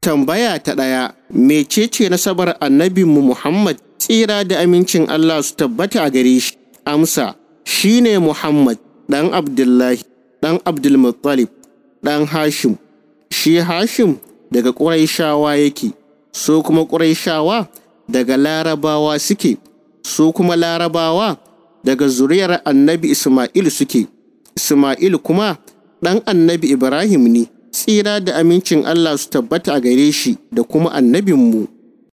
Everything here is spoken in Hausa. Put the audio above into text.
Tambaya ta ɗaya, mecece nasabar annabinmu Muhammad tsira da amincin Allah su tabbata a gare shi? Amsa, shi ne Muhammad ɗan Abdullahi, ɗan Abdulmuttalib, ɗan Hashim. Shi Hashim daga Ƙuraishawa yake, so kuma Ƙuraishawa daga Larabawa suke, so kuma Larabawa daga zuriyar annabi Ismail suke, Ismail kuma ɗan annabi Ibrahim ne. tsira da amincin Allah su tabbata a gare shi da kuma annabinmu